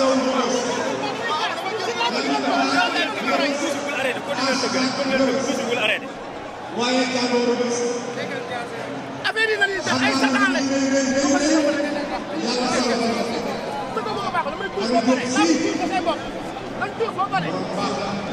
waaye jàngoro bi. affaire yi la ñuy def ay sataan lañ. yàlla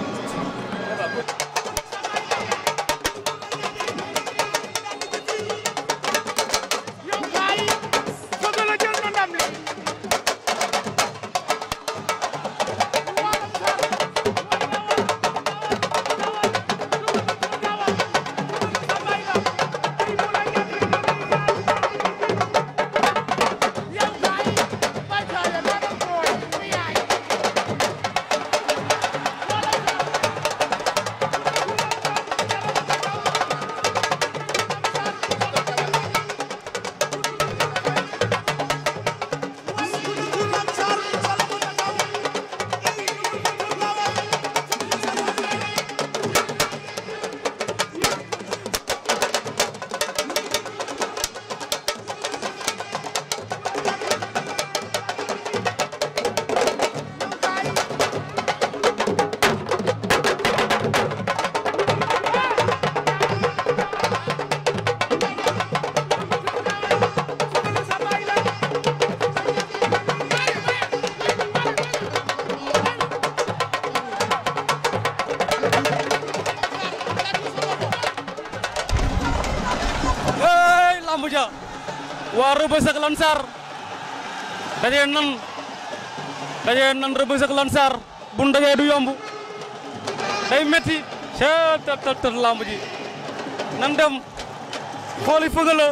Dakar Rebeuss ak Lansar dajee nan dajee nan Rebeuss ak dajee du yomb day metti ca tët tët tët lamb ji nan dem xooli fëgg la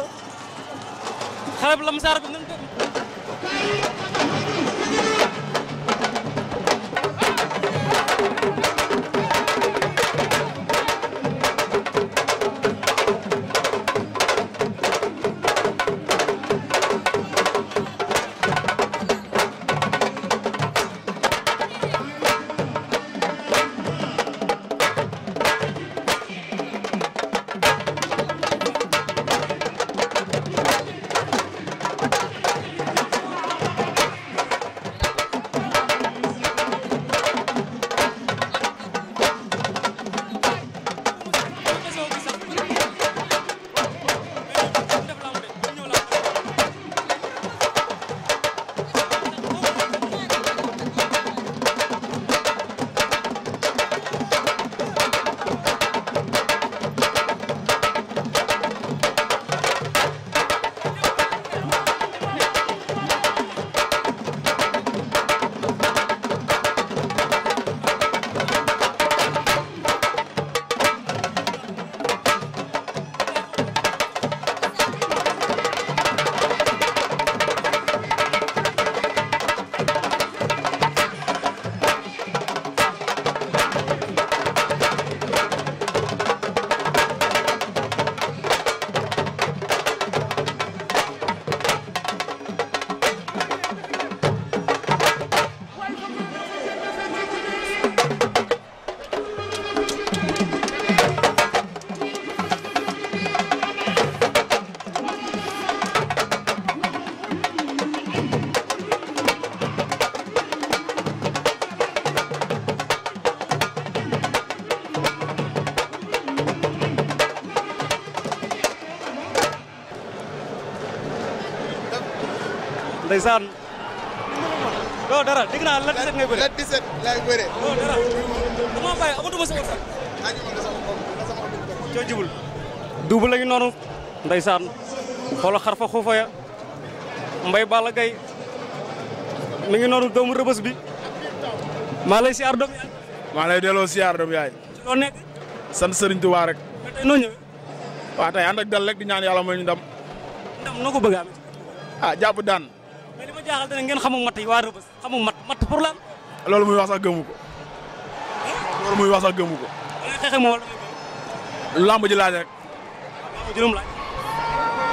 xale bu Lansar ndeysaan. non dara dégg naa la 17 ngay bëre. la 17 laay bëre. non dara damaa bàyyi amatuma sama sax. coo jubul. double lañu noonu. ndeysaan xoolal xarfa xuufa ya mbay Balla Gaye mi ngi noonu doomu rëbës bi. maa lay siyaar doom yaay. maa lay delloo siyaar doom yaay. sant Serigne Touba rek. tey noo ñëwee. waaw tey di ñaan yàlla mooy ñu ndam. a amee. Ah, daan. mais li ma jaaxal dana ngeen xamu yi waa Rëbës xamu mat mat pour lan. loolu muy wax sax gëmu loolu muy wax sax gëmu ko. wala xeex moom wala laaj rek. lamb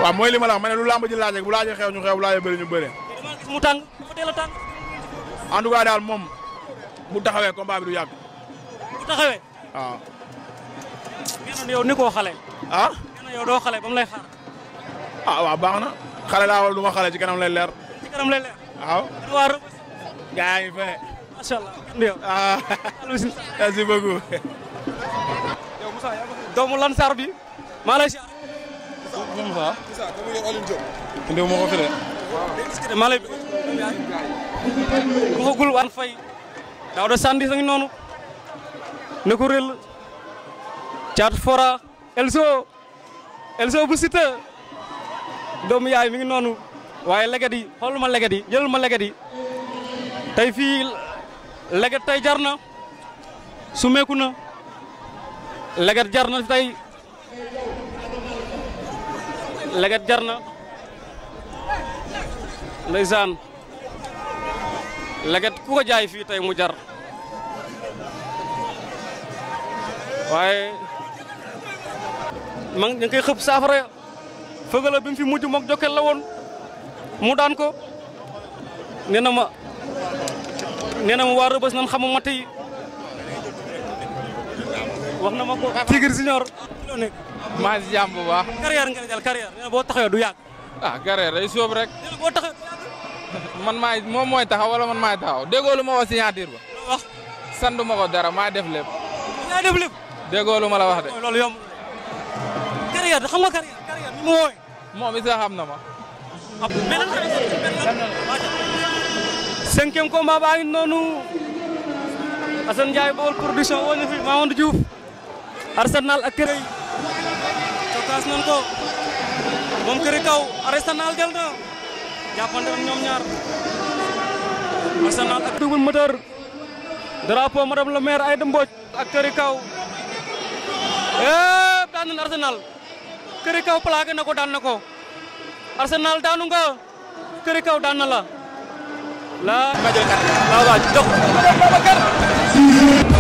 waaw mooy li ma la wax ma ne lu lamb ji laaj rek bu laajee xew ñu xew bu laajee bëri ñu bëri. dama mu tàng dafa teel a tàng. daal moom bu taxawee combat bi du yàgg. bu taxawee. waaw. nee ah? ah, baax na xale laa wal du ma xale ci kanam lay leer. kanam lay leer. waaw. waa Rebeuss. gaa yi fay. macha allah kenn yow. ah. merci beaucoup. yow Moussa yaa doomu Lansar bi. maa lay ziar. Moussa. Moussa comme yow Alioune Diop. indi ma ko fi de. waaw. maa lay. ku ko gul waan fay. daaw de sandi sa ngi noonu. ne ko réel. Thiat Fora. Elzo. Elzo bu Siteu. doomu yaay mi ngi noonu. waaye leget yi xool ma leget yi jël ma leget yi tey fii leget tey jar na su na leget jar na tey leget jar na ndeysaan leget ku ko jaay fii tey mu jar waaye ma ngi koy xëpp saafara fëgala bi mu fi mujj mook jokkel la woon mu daan ko nee na ma nee na ma waa Rëbës nan xamu wax na ma ko Tigre Junior. maa ngi si bu baax. carrière nga jël carrière nee boo taxawee du yàgg. ah carrière rek. nee na man maay moom mooy taxaw wala man maay taxaw déggoo lu ma wax signature ba. wax sandu ma ko dara maa def lépp. maa def ma la wax de. loolu yomb carrière xam nga carrière carrière mu wooyee. moom it sax xam na ma. cinquième combat baa ngi noonu Assane Ndiaye Baol production woo ñu fi Mamadou Diouf Arsenal ak Kërëy cokaas nañ ko moom Kërëy kaw Arsenal jël na jàppante na ñoom ñaar Arsenal ak double moteur drapeau madame le maire Aïda Mbodj ak Kërëy kaw daan nañ Arsenal Kërëy kaw plaqué na ko daan na ko Arsenal daanu nga këri kaw daan na la. la.